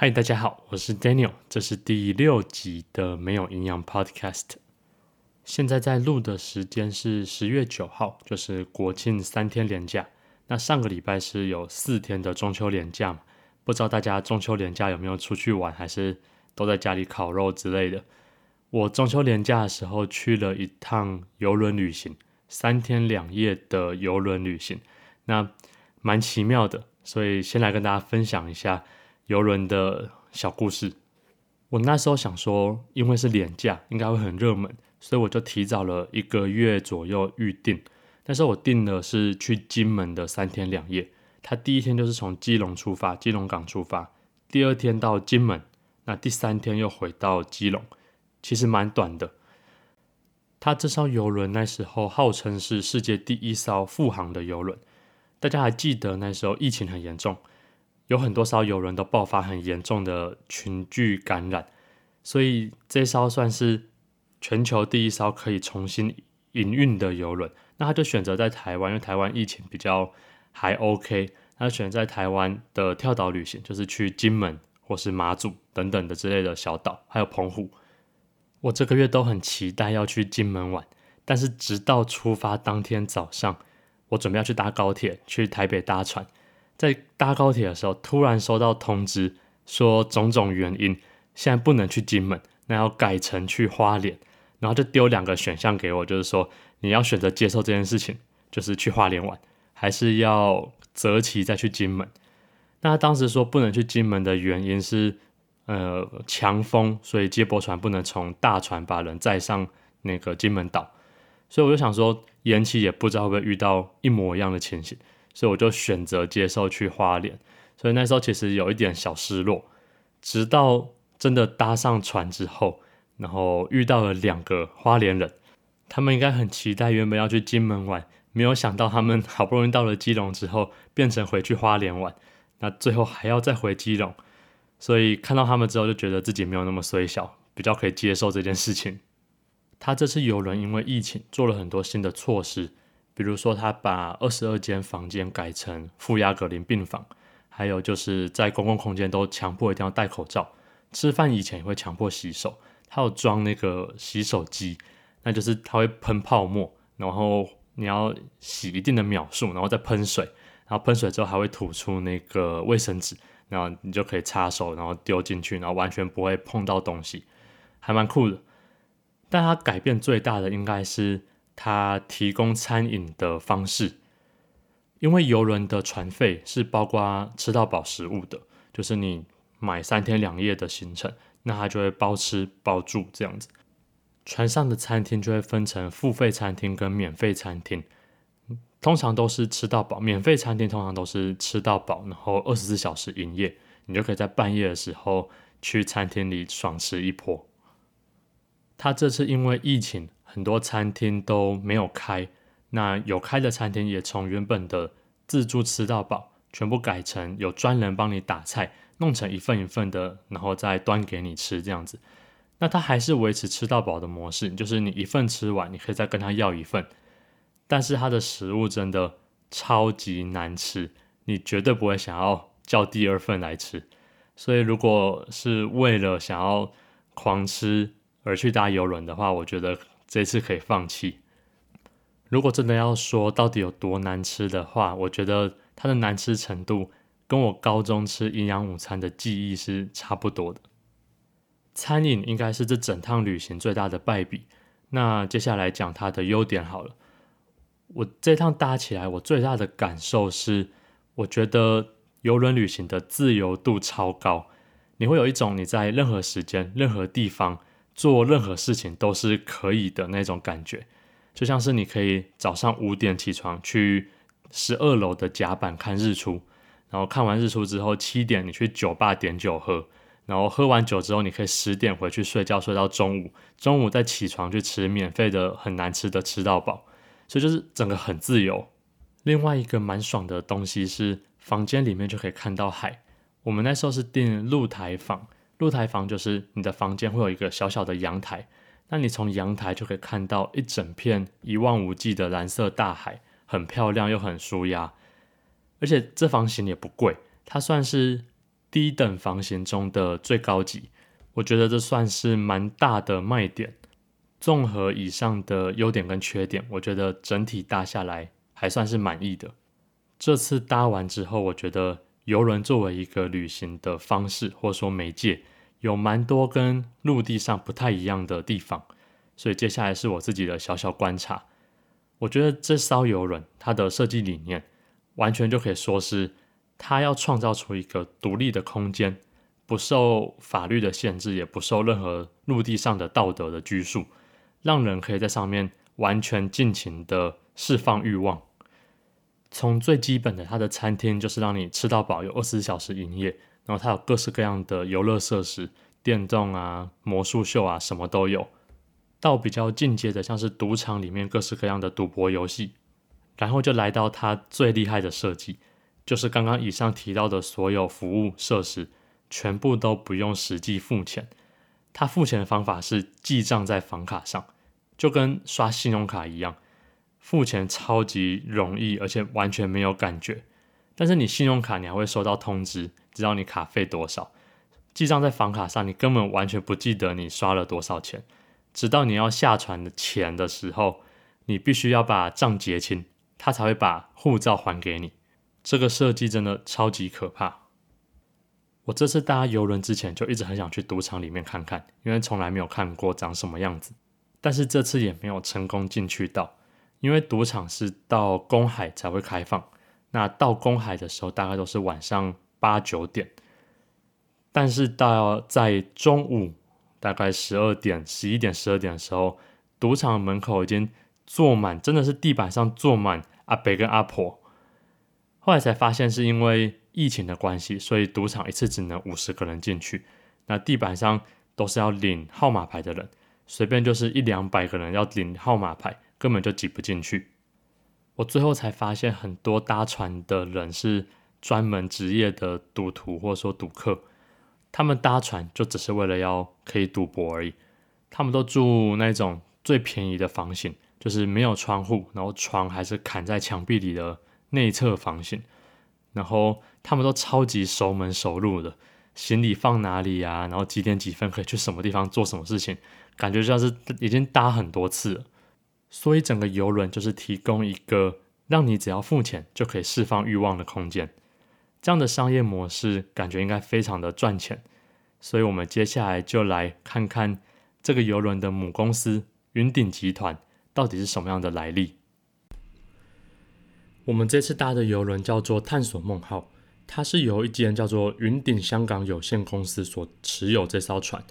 嗨，Hi, 大家好，我是 Daniel，這是第六集的沒有營養 Podcast。現在在錄的時間是十月九號，就是國慶三天連假。那上個禮拜是有四天的中秋連假嘛，不知道大家中秋連假有沒有出去玩，還是都在家裡烤肉之類的。我中秋連假的時候去了一趟郵輪旅行，三天兩夜的郵輪旅行，那蠻奇妙的，所以先來跟大家分享一下。遊輪的小故事，我那時候想說，因為是年假，應該會很熱門，所以我就提早了一個月左右預定。但是我訂的是去金門的三天兩夜，他第一天就是從基隆出發，基隆港出發，第二天到金門，那第三天又回到基隆，其實蠻短的。他這艘遊輪那時候號稱是世界第一艘復航的遊輪，大家還記得那時候疫情很嚴重。有很多艘郵輪都爆發很嚴重的群聚感染，所以這艘算是全球第一艘可以重新營運的郵輪。那他就選擇在台灣，因為台灣疫情比較還 OK，他選擇在台灣的跳島旅行，就是去金門或是馬祖等等的之類的小島，還有澎湖。我這個月都很期待要去金門玩，但是直到出發當天早上，我準備要去搭高鐵去台北搭船。在搭高鐵的時候，突然收到通知說，種種原因現在不能去金門，那要改成去花蓮，然後就丟兩個選項給我，就是說你要選擇接受這件事情，就是去花蓮玩，還是要擇期再去金門。那他當時說不能去金門的原因是，呃，強風，所以接駁船不能從大船把人載上那個金門島，所以我就想說，延期也不知道會不會遇到一模一樣的情形。所以我就選擇接受去花蓮，所以那時候其實有一點小失落。直到真的搭上船之後，然後遇到了兩個花蓮人，他們應該很期待原本要去金門玩，沒有想到他們好不容易到了基隆之後，變成回去花蓮玩，那最後還要再回基隆。所以看到他們之後，就覺得自己沒有那麼衰小，比較可以接受這件事情。他這次郵輪因為疫情做了很多新的措施。比如說，他把二十二間房間改成負壓隔離病房，還有就是在公共空間都強迫一定要戴口罩，吃飯以前也會強迫洗手。他有裝那個洗手機，那就是他會噴泡沫，然後你要洗一定的秒數，然後再噴水，然後噴水之後還會吐出那個衛生紙，然後你就可以擦手，然後丟進去，然後完全不會碰到東西，還蠻酷的。但他改變最大的應該是。他提供餐飲的方式，因為郵輪的船費是包括吃到飽食物的，就是你買三天兩夜的行程，那他就會包吃包住這樣子。船上的餐廳就會分成付費餐廳跟免費餐廳，通常都是吃到飽。免費餐廳通常都是吃到飽，然後二十四小時營業，你就可以在半夜的時候去餐廳裡爽吃一波。他這次因為疫情，很多餐廳都沒有開，那有開的餐廳也從原本的自助吃到飽，全部改成有專人幫你打菜，弄成一份一份的，然後再端給你吃這樣子。那它還是維持吃到飽的模式，就是你一份吃完，你可以再跟他要一份。但是它的食物真的超級難吃，你絕對不會想要叫第二份來吃。所以，如果是為了想要狂吃而去搭郵輪的話，我覺得。這次可以放棄。如果真的要說到底有多難吃的話，我覺得它的難吃程度跟我高中吃營養午餐的記憶是差不多的。餐飲應該是這整趟旅行最大的敗筆。那接下來講它的優點好了。我這趟搭起來，我最大的感受是，我覺得郵輪旅行的自由度超高，你會有一種你在任何時間、任何地方。做任何事情都是可以的那種感覺，就像是你可以早上五點起床去十二樓的甲板看日出，然後看完日出之後七點你去酒吧點酒喝，然後喝完酒之後你可以十點回去睡覺，睡到中午，中午再起床去吃免費的很難吃的吃到飽，所以就是整個很自由。另外一個蠻爽的東西是房間裡面就可以看到海，我們那時候是訂露台房。露臺房就是你的房間會有一個小小的陽臺，那你從陽臺就可以看到一整片一望無際的藍色大海，很漂亮又很舒壓，而且這房型也不貴，它算是低等房型中的最高級，我覺得這算是蠻大的賣點。綜合以上的優點跟缺點，我覺得整體搭下來還算是滿意的。這次搭完之後，我覺得。郵輪作為一個旅行的方式或說媒介，有蠻多跟陸地上不太一樣的地方，所以接下來是我自己的小小觀察。我覺得這艘郵輪它的設計理念，完全就可以說是，它要創造出一個獨立的空間，不受法律的限制，也不受任何陸地上的道德的拘束，讓人可以在上面完全盡情的釋放慾望。從最基本的，它的餐廳就是讓你吃到飽，有二十四小時營業，然後它有各式各樣的遊樂設施，電動啊、魔術秀啊，什麼都有。到比較進階的，像是賭場裡面各式各樣的賭博遊戲，然後就來到它最厲害的設計，就是剛剛以上提到的所有服務設施，全部都不用實際付錢。他付錢的方法是記賬在房卡上，就跟刷信用卡一樣。付錢超級容易，而且完全沒有感覺。但是你信用卡你還會收到通知，知道你卡費多少。記賬在房卡上，你根本完全不記得你刷了多少錢。直到你要下船的錢的時候，你必須要把賬結清，他才會把護照還給你。這個設計真的超級可怕。我這次搭郵輪之前就一直很想去賭場裡面看看，因為從來沒有看過長什麼樣子。但是這次也沒有成功進去到。因為賭場是到公海才會開放，那到公海的時候大概都是晚上八九點，但是到在中午大概十二點、十一點、十二點的時候，賭場門口已經坐滿，真的是地板上坐滿阿伯跟阿婆。後來才發現是因為疫情的關係，所以賭場一次只能五十個人進去，那地板上都是要領號碼牌的人，隨便就是一兩百個人要領號碼牌。根本就擠不進去。我最後才發現，很多搭船的人是專門職業的賭徒，或者說賭客，他們搭船就只是為了要可以賭博而已。他們都住那種最便宜的房型，就是沒有窗戶，然後床還是砍在牆壁裡的內側房型。然後他們都超級熟門熟路的，行李放哪裡啊？然後幾點幾分可以去什麼地方做什麼事情？感覺像是已經搭很多次了。所以整個郵輪就是提供一個讓你只要付錢就可以釋放慾望的空間，這樣的商業模式感覺應該非常的賺錢。所以我們接下來就來看看這個郵輪的母公司雲頂集團到底是什麼樣的來歷。我們這次搭的郵輪叫做探索夢號，它是由一間叫做雲頂香港有限公司所持有這艘船，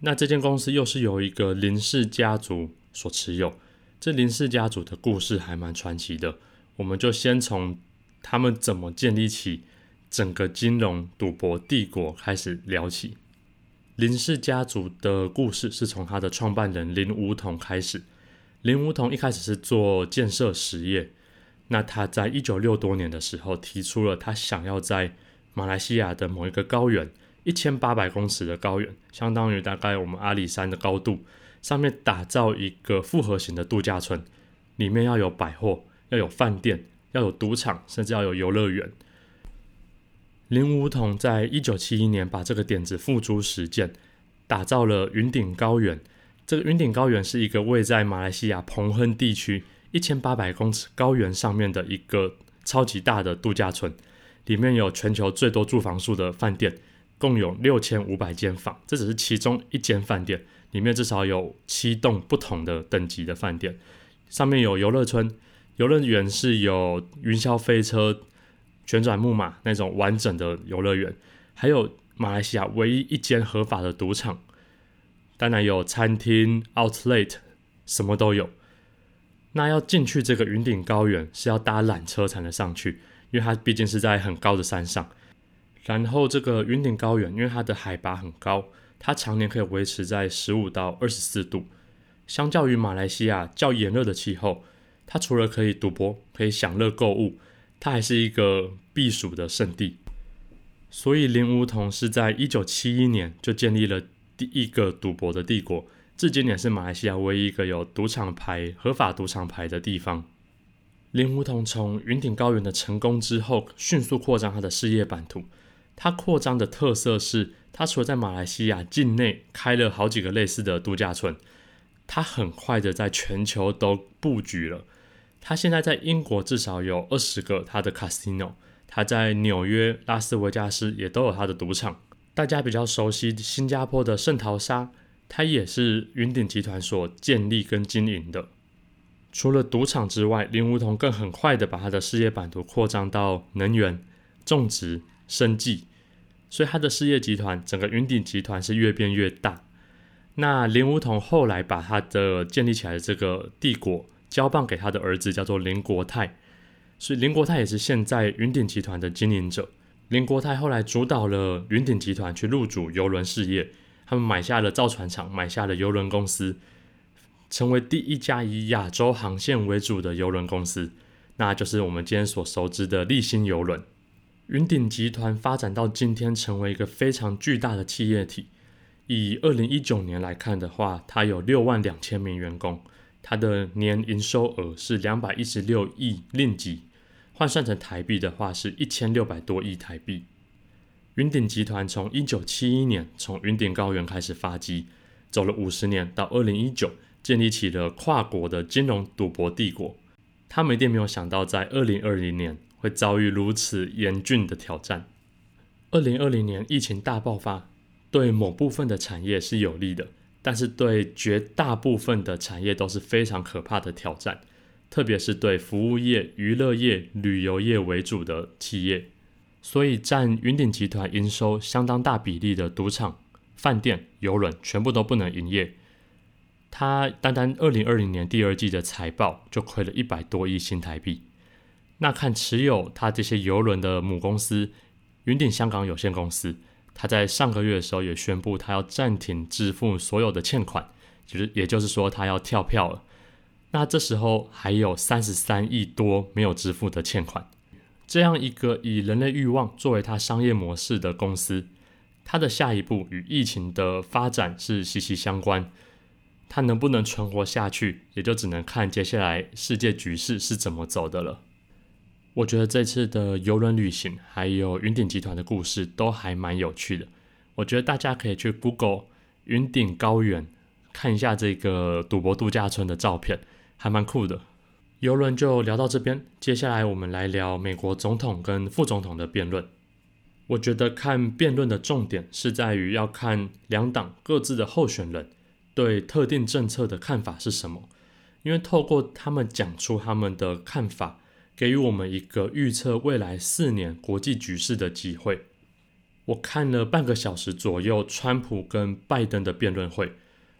那這間公司又是由一個林氏家族所持有。這林氏家族的故事還蠻傳奇的，我們就先從他們怎麼建立起整個金融賭博帝國開始聊起。林氏家族的故事是從他的創辦人林梧桐開始。林梧桐一開始是做建設實業，那他在一九六多年的時候提出了他想要在馬來西亞的某一個高原，一千八百公尺的高原，相當於大概我們阿里山的高度。上面打造一個複合型的度假村，裡面要有百貨，要有飯店，要有賭場，甚至要有遊樂園。林梧桐在一九七一年把這個點子付諸實踐，打造了雲頂高原。這個雲頂高原是一個位在馬來西亞彭亨地區一千八百公尺高原上面的一個超級大的度假村，裡面有全球最多住房數的飯店，共有六千五百間房，這只是其中一間飯店。裡面至少有七棟不同的等級的飯店，上面有遊樂村，遊樂園是有雲霄飛車、旋轉木馬那種完整的遊樂園，還有馬來西亞唯一一間合法的賭場，當然有餐廳、outlet，什麼都有。那要進去這個雲頂高原是要搭纜車才能上去，因為它畢竟是在很高的山上。然後這個雲頂高原，因為它的海拔很高。它常年可以維持在十五到二十四度，相較於馬來西亞較炎熱的氣候，它除了可以賭博、可以享樂、購物，它還是一個避暑的勝地。所以林梧桐是在一九七一年就建立了第一個賭博的帝國，至今也是馬來西亞唯一一個有賭場牌合法賭場牌的地方。林梧桐從雲頂高原的成功之後，迅速擴張他的事業版圖。它擴張的特色是，它除了在馬來西亞境內開了好幾個類似的度假村，它很快的在全球都布局了。它現在在英國至少有二十個它的 casino，它在紐約、拉斯維加斯也都有它的賭場。大家比較熟悉新加坡的聖淘沙，它也是雲頂集團所建立跟經營的。除了賭場之外，林梧桐更很快的把他的事業版圖擴張到能源、種植、生技。所以他的事業集團，整個雲頂集團是越變越大。那林梧桐後來把他的建立起來的這個帝國交棒給他的兒子，叫做林國泰。所以林國泰也是現在雲頂集團的經營者。林國泰後來主導了雲頂集團去入主郵輪事業，他們買下了造船廠，買下了郵輪公司，成為第一家以亞洲航線為主的郵輪公司，那就是我們今天所熟知的麗星郵輪。雲頂集團發展到今天，成為一個非常巨大的企業體。以二零一九年來看的話，它有六萬兩千名員工，它的年營收額是兩百一十六億令吉，換算成台幣的話是一千六百多億台幣。雲頂集團從一九七一年從雲頂高原開始發跡，走了五十年，到二零一九，建立起了跨國的金融賭博帝國。他們一定沒有想到，在二零二零年。會遭遇如此嚴峻的挑戰。二零二零年疫情大爆發，對某部分的產業是有利的，但是對絕大部分的產業都是非常可怕的挑戰，特別是對服務業、娛樂業、旅遊業為主的企業。所以，佔雲頂集團營收相當大比例的賭場、飯店、郵輪全部都不能營業。它單單二零二零年第二季的財報就虧了一百多億新台幣。那看持有他這些郵輪的母公司雲頂香港有限公司，他在上個月的時候也宣布，他要暫停支付所有的欠款，就是也就是說，他要跳票了。那這時候還有三十三億多沒有支付的欠款。這樣一個以人類欲望作為他商業模式的公司，他的下一步與疫情的發展是息息相關，他能不能存活下去，也就只能看接下來世界局勢是怎麼走的了。我覺得這次的郵輪旅行還有雲頂集團的故事都還蠻有趣的。我覺得大家可以去 Google 雲頂高原看一下這個賭博度假村的照片，還蠻酷的。郵輪就聊到這邊，接下來我們來聊美國總統跟副總統的辯論。我覺得看辯論的重點是在於要看兩黨各自的候選人對特定政策的看法是什麼，因為透過他們講出他們的看法，給予我們一個預測未來四年國際局勢的機會。我看了半個小時左右，川普跟拜登的辯論會，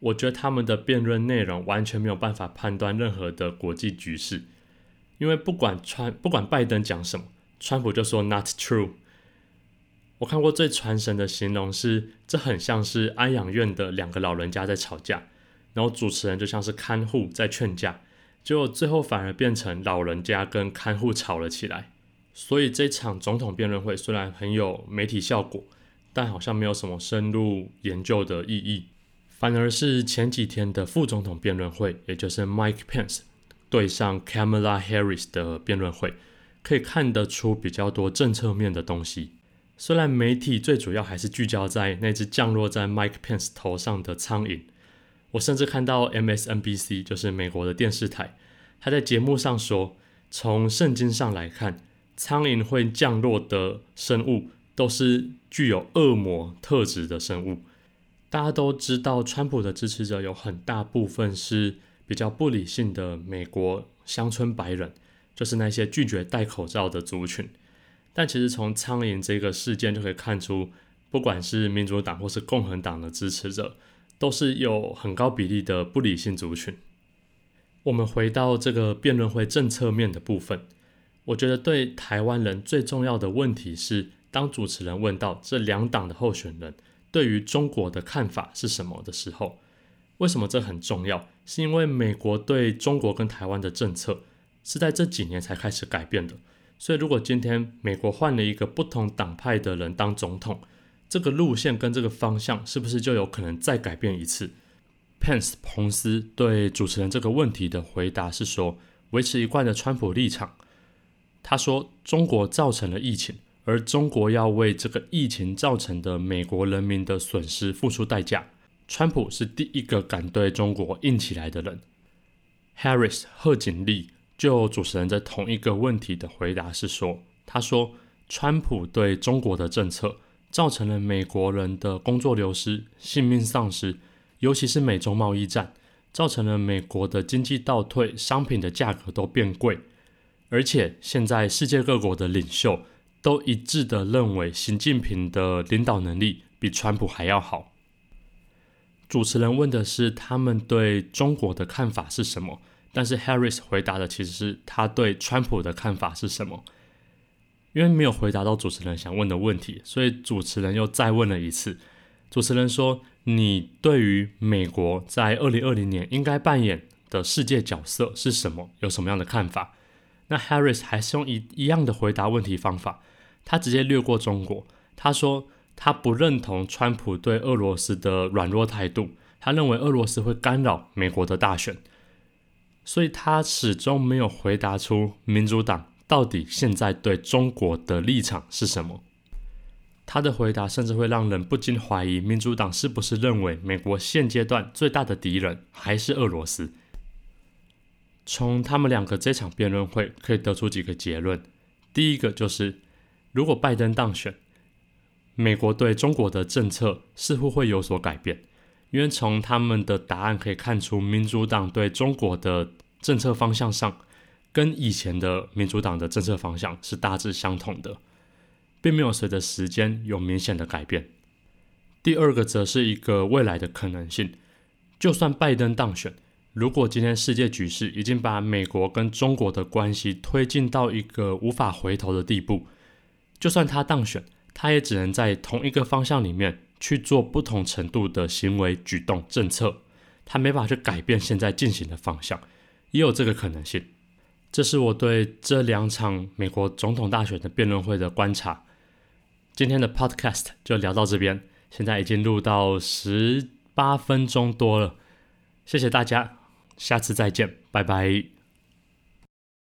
我覺得他們的辯論內容完全沒有辦法判斷任何的國際局勢，因為不管川不管拜登講什麼，川普就說 “not true”。我看過最傳神的形容是，這很像是安養院的兩個老人家在吵架，然後主持人就像是看護在勸架。就最後反而變成老人家跟看護吵了起來，所以這場總統辯論會雖然很有媒體效果，但好像沒有什麼深入研究的意義。反而是前幾天的副總統辯論會，也就是 Mike Pence 對上 Kamala Harris 的辯論會，可以看得出比較多政策面的東西。雖然媒體最主要還是聚焦在那隻降落在 Mike Pence 頭上的蒼蠅。我甚至看到 MSNBC，就是美國的電視台，他在節目上說，從聖經上來看，蒼蠅會降落的生物都是具有惡魔特質的生物。大家都知道，川普的支持者有很大部分是比較不理性的美國鄉村白人，就是那些拒絕戴口罩的族群。但其實從蒼蠅這個事件就可以看出，不管是民主黨或是共和黨的支持者。都是有很高比例的不理性族群。我們回到這個辯論會政策面的部分，我覺得對台灣人最重要的問題是，當主持人問到這兩黨的候選人對於中國的看法是什麼的時候，為什麼這很重要？是因為美國對中國跟台灣的政策是在這幾年才開始改變的。所以如果今天美國換了一個不同黨派的人當總統，這個路線跟這個方向是不是就有可能再改變一次？Pence 彭斯對主持人這個問題的回答是說，維持一貫的川普立場。他說，中國造成了疫情，而中國要為這個疫情造成的美國人民的損失付出代價。川普是第一個敢對中國硬起來的人。Harris 賀錦麗就主持人在同一個問題的回答是說，他說，川普對中國的政策。造成了美國人的工作流失、性命喪失，尤其是美中貿易戰，造成了美國的經濟倒退，商品的價格都變貴。而且現在世界各國的領袖都一致的認為習近平的領導能力比川普還要好。主持人問的是他們對中國的看法是什麼，但是 Harris 回答的其實是他對川普的看法是什麼。因為沒有回答到主持人想問的問題，所以主持人又再問了一次。主持人說：“你對於美國在二零二零年應該扮演的世界角色是什麼？有什麼樣的看法？”那 Harris 還是用一一樣的回答問題方法，他直接略過中國。他說：“他不認同川普對俄羅斯的軟弱態度，他認為俄羅斯會干擾美國的大選。”所以，他始終沒有回答出民主黨。到底現在對中國的立場是什麼？他的回答甚至會讓人不禁懷疑，民主黨是不是認為美國現階段最大的敵人還是俄羅斯？從他們兩個這場辯論會可以得出幾個結論。第一個就是，如果拜登當選，美國對中國的政策似乎會有所改變，因為從他們的答案可以看出，民主黨對中國的政策方向上。跟以前的民主黨的政策方向是大致相同的，並沒有隨着時間有明顯的改變。第二個則是一個未來的可能性。就算拜登當選，如果今天世界局勢已經把美國跟中國的關係推進到一個無法回頭的地步，就算他當選，他也只能在同一個方向裡面去做不同程度的行為舉動政策，他沒法去改變現在進行的方向，也有這個可能性。這是我對這兩場美國總統大選的辯論會的觀察。今天的 Podcast 就聊到這邊，現在已經錄到十八分鐘多了。謝謝大家，下次再見，拜拜。